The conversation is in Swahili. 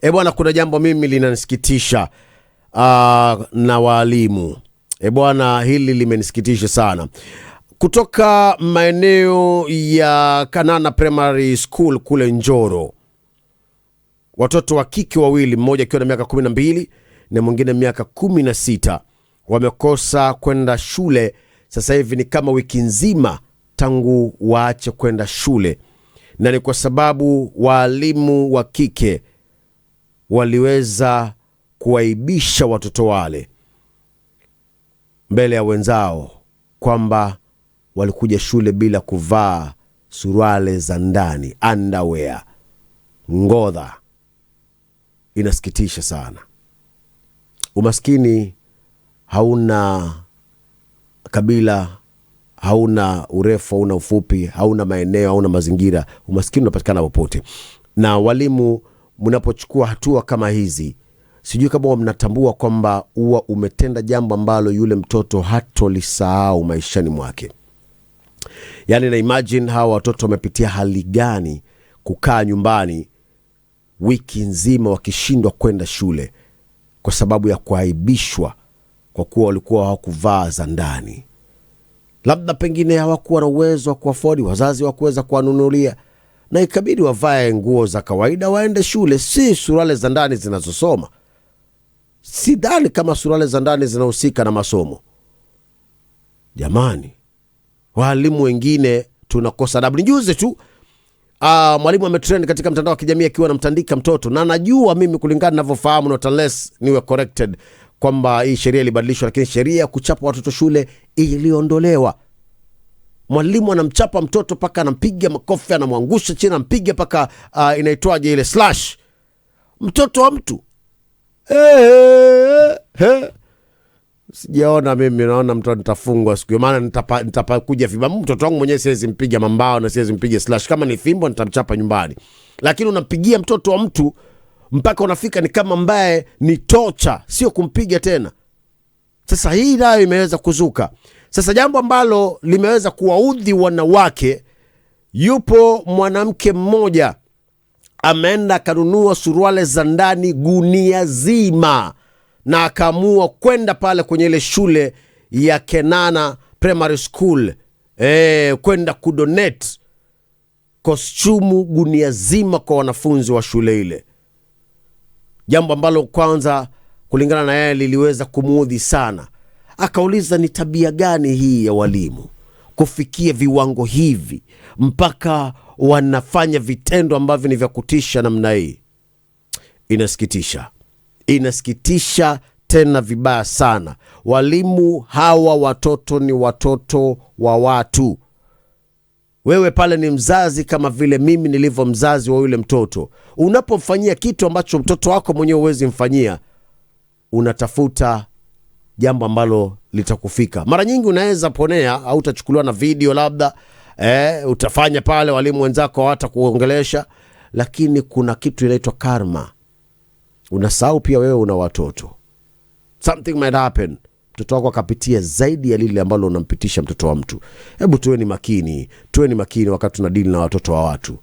E bwana, kuna jambo mimi linanisikitisha uh, na waalimu e eh, bwana, hili limenisikitisha sana kutoka maeneo ya Kanana Primary School kule Njoro, watoto wa kike wawili, mmoja akiwa na miaka kumi na mbili na mwingine miaka kumi na sita wamekosa kwenda shule. Sasa hivi ni kama wiki nzima tangu waache kwenda shule, na ni kwa sababu waalimu wa kike waliweza kuwaibisha watoto wale mbele ya wenzao kwamba walikuja shule bila kuvaa suruale za ndani, underwear, ngodha. Inasikitisha sana. Umaskini hauna kabila, hauna urefu, hauna ufupi, hauna maeneo, hauna mazingira. Umaskini unapatikana popote, na walimu mnapochukua hatua kama hizi, sijui kama mnatambua kwamba huwa umetenda jambo ambalo yule mtoto hatolisahau maishani mwake. Yaani na imagine hawa watoto wamepitia hali gani, kukaa nyumbani wiki nzima wakishindwa kwenda shule kwa sababu ya kuaibishwa kwa kuwa walikuwa hawakuvaa za ndani, labda pengine hawakuwa na uwezo wa kuafodi, wazazi wakuweza kuwanunulia na ikabidi wavae nguo za kawaida waende shule, si surale za ndani zinazosoma. Sidhani kama suruale za ndani zinahusika na masomo. Jamani, walimu wengine tunakosa adabu. Ni juzi tu Uh, mwalimu ametrend katika mtandao wa kijamii akiwa anamtandika mtoto, na najua mimi kulingana ninavyofahamu, not unless niwe corrected, kwamba hii sheria ilibadilishwa, lakini sheria ya kuchapa watoto shule iliondolewa mwalimu anamchapa mtoto mpaka anampiga makofi, anamwangusha chini, anampiga mpaka uh, inaitwaje ile slash mtoto wa mtu he, eh, eh, he. Eh. Sijaona mimi, naona mtu nitafungwa siku hiyo, maana nitapakuja nitapa viba. Mtoto wangu mwenyewe siwezi mpiga mambao na siwezi mpiga slash. Kama ni fimbo nitamchapa nyumbani, lakini unampigia mtoto wa mtu mpaka unafika ni kama mbaye ni tocha, sio kumpiga tena. Sasa hii nayo imeweza kuzuka. Sasa jambo ambalo limeweza kuwaudhi wanawake, yupo mwanamke mmoja ameenda akanunua suruale za ndani gunia zima, na akaamua kwenda pale kwenye ile shule ya Kenana Primary School e, kwenda kudonate kostumu gunia zima kwa wanafunzi wa shule ile, jambo ambalo kwanza kulingana na yeye liliweza kumuudhi sana. Akauliza, ni tabia gani hii ya walimu kufikia viwango hivi mpaka wanafanya vitendo ambavyo ni vya kutisha namna hii? Inasikitisha, inasikitisha tena vibaya sana. Walimu hawa watoto ni watoto wa watu. Wewe pale ni mzazi, kama vile mimi nilivyo mzazi wa yule mtoto. Unapomfanyia kitu ambacho mtoto wako mwenyewe huwezi mfanyia, unatafuta jambo ambalo litakufika. Mara nyingi unaweza ponea au utachukuliwa na video labda, eh, utafanya pale, walimu wenzako hawatakuongelesha, lakini kuna kitu inaitwa karma. Unasahau pia wewe una watoto, something might happen mtoto wako akapitia zaidi ya lile ambalo unampitisha mtoto wa mtu. Hebu tuwe ni makini, tuwe ni makini wakati tunadili na watoto wa watu.